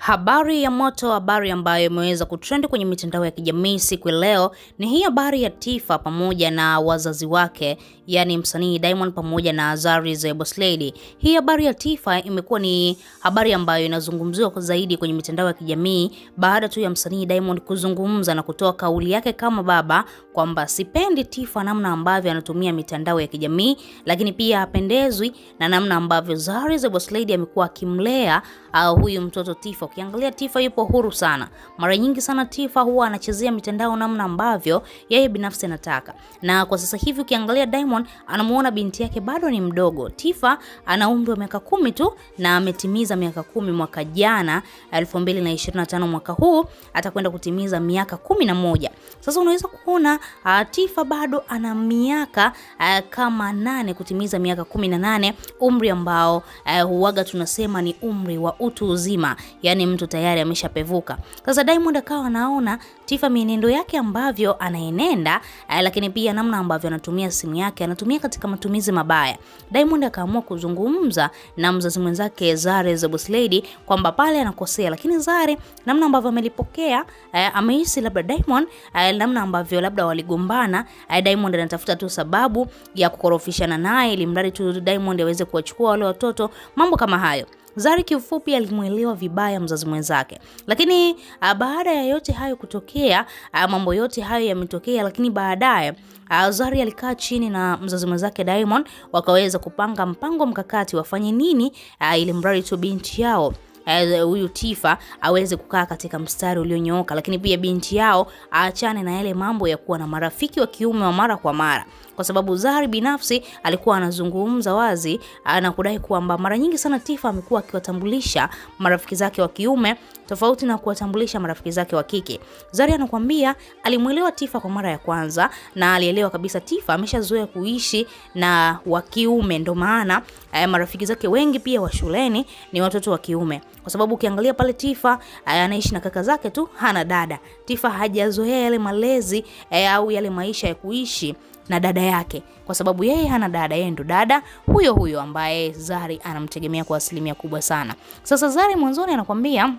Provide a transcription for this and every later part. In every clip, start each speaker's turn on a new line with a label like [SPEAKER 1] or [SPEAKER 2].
[SPEAKER 1] Habari ya moto, habari ambayo imeweza kutrend kwenye mitandao ya kijamii siku ya leo ni hii habari ya Tifa pamoja na wazazi wake, yani msanii Diamond pamoja na Zari the Boss Lady. Hii habari ya Tifa imekuwa ni habari ambayo inazungumziwa zaidi kwenye mitandao ya kijamii baada tu ya msanii Diamond kuzungumza na kutoa kauli yake kama baba kwamba sipendi Tifa namna ambavyo anatumia mitandao ya kijamii, lakini pia hapendezwi na namna ambavyo Zari the Boss Lady amekuwa akimlea uh, huyu mtoto Tifa Ukiangalia Tifa yupo huru sana. Mara nyingi sana Tifa huwa anachezea mitandao namna ambavyo yeye binafsi anataka, na kwa sasa hivi ukiangalia Diamond anamuona binti yake bado ni mdogo. Tifa ana umri wa miaka kumi tu na ametimiza miaka kumi mwaka jana 2025, mwaka huu atakwenda kutimiza miaka kumi na moja. Sasa unaweza kuona uh, Tifa bado ana miaka uh, kama nane kutimiza miaka kumi na nane, umri ambao uh, ah, huaga tunasema ni umri wa utu uzima yani yani mtu tayari ameshapevuka. Sasa Diamond akawa anaona Tifa mienendo yake ambavyo anaenenda, eh, lakini pia namna ambavyo anatumia simu yake, anatumia katika matumizi mabaya. Diamond akaamua kuzungumza na mzazi mwenzake Zare the Boss Lady kwamba pale anakosea, lakini Zare namna ambavyo amelipokea eh, amehisi labda Diamond eh, namna ambavyo labda waligombana, Diamond anatafuta tu sababu ya kukorofishana naye ili mradi tu Diamond aweze kuwachukua wale watoto, mambo kama hayo. Zari kiufupi alimwelewa vibaya mzazi mwenzake. Lakini ah, baada ya yote hayo kutokea, ah, mambo yote hayo yametokea, lakini baadaye ah, Zari alikaa chini na mzazi mwenzake Diamond, wakaweza kupanga mpango mkakati wafanye nini ili mradi tu binti yao Eh, huyu uh, Tifa aweze kukaa katika mstari ulionyooka, lakini pia binti yao aachane na yale mambo ya kuwa na marafiki wa kiume wa mara kwa mara, kwa sababu Zari binafsi alikuwa anazungumza wazi eh, na kudai kwamba mara nyingi sana Tifa amekuwa akiwatambulisha marafiki zake wa kiume tofauti na kuwatambulisha marafiki zake wa kike. Zari anakuambia alimwelewa Tifa kwa mara ya kwanza na alielewa kabisa Tifa ameshazoea kuishi na wa kiume, ndio maana eh, marafiki zake wengi pia wa shuleni ni watoto wa kiume kwa sababu ukiangalia pale Tifa eh, anaishi na kaka zake tu, hana dada. Tifa hajazoea yale malezi eh, au yale maisha ya kuishi na dada yake, kwa sababu yeye hana dada, yeye ndo dada huyo huyo ambaye Zari anamtegemea kwa asilimia kubwa sana. Sasa Zari mwanzoni anakuambia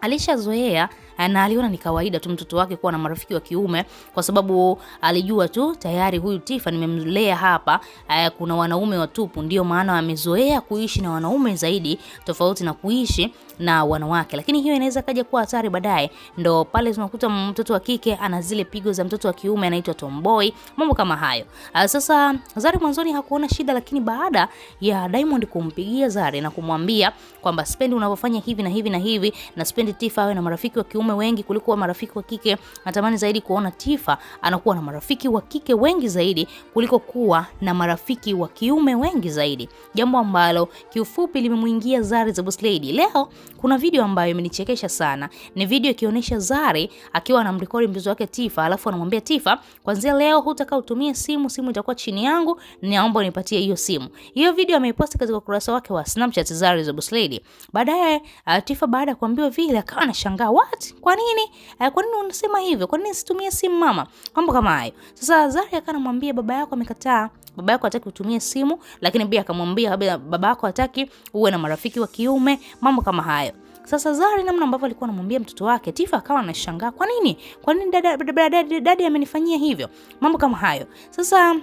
[SPEAKER 1] alishazoea Eh, na aliona ni kawaida tu mtoto wake kuwa na marafiki wa kiume, kwa sababu alijua tu tayari huyu Tifa nimemlea hapa, eh, kuna wanaume watupu, ndio maana amezoea kuishi na wanaume zaidi tofauti na kuishi na wanawake, lakini hiyo inaweza kaja kuwa hatari baadaye. Ndo pale tunakuta mtoto wa kike ana zile pigo za mtoto wa kiume, anaitwa tomboy, mambo kama hayo. Eh, sasa Zari mwanzoni hakuona shida, lakini baada ya Diamond kumpigia Zari na kumwambia kwamba sipendi unavyofanya hivi na hivi na hivi, na sipendi Tifa awe na marafiki wa kiume wanaume wengi kuliko wa marafiki wa kike. Natamani zaidi kuona Tifa anakuwa na marafiki wa kike wengi zaidi kuliko kuwa na marafiki wa kiume wengi zaidi, jambo ambalo kiufupi limemuingia Zari the Boss Lady. Leo kuna video ambayo imenichekesha sana, ni video ikionyesha Zari akiwa anamrekodi mtoto wake Tifa, alafu anamwambia Tifa, kwanzia leo hutaka utumie simu, simu itakuwa chini yangu, naomba unipatie hiyo simu. Hiyo video ameiposti katika ukurasa wake wa Snapchat Zari the Boss Lady. Baadaye uh, Tifa baada ya kuambiwa vile akawa anashangaa what What? Kwa nini? Eh, kwa nini unasema hivyo? Kwa nini situmie simu mama? Mambo kama hayo. Sasa Zari akanamwambia baba yako amekataa. Baba yako hataki utumie simu, lakini pia akamwambia baba yako hataki uwe na marafiki wa kiume, mambo kama hayo. Sasa Zari namna ambavyo alikuwa anamwambia mtoto wake, Tifa akawa anashangaa, kwa nini? Kwa nini dada dadi amenifanyia hivyo? Mambo kama hayo. Sasa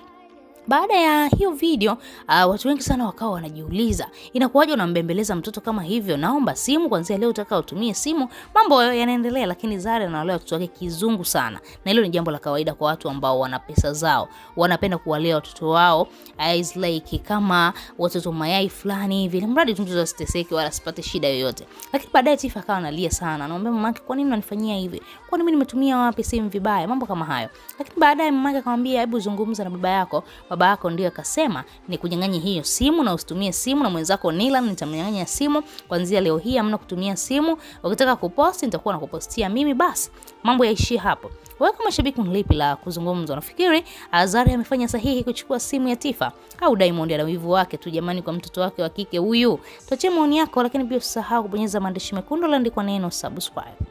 [SPEAKER 1] baada ya hiyo video uh, watu wengi sana wakawa wanajiuliza inakuwaje unambembeleza mtoto kama hivyo? Naomba simu kuanzia leo utaka utumie simu. Mambo yanaendelea, lakini Zari anawalea watoto wake kizungu sana, na hilo ni jambo la kawaida kwa watu ambao wana pesa zao, wanapenda kuwalea watoto wao as ah, like kama watoto mayai fulani hivi, mradi tu mtoto asiteseke wala asipate shida yoyote. Lakini baadaye Tifa akawa analia sana, anamwambia mamake, kwa nini unanifanyia hivi? Kwa nini mimi nimetumia wapi simu vibaya? Mambo kama hayo. Lakini baadaye mamake akamwambia, hebu zungumza na baba yako baba yako ndiye akasema ni kunyang'anya hiyo simu na usitumie simu, na mwenzako Nilan nitamnyang'anya simu. Kuanzia leo hii amna kutumia simu, ukitaka kuposti nitakuwa nakupostia mimi. Basi mambo yaishie hapo. Wewe kama shabiki unalipi la kuzungumza? Unafikiri Azari amefanya sahihi kuchukua simu ya Tifa au Diamond ana wivu wake tu jamani kwa mtoto wake wa kike huyu? Tuachie maoni yako, lakini pia usisahau kubonyeza maandishi mekundu yaliyoandikwa neno subscribe.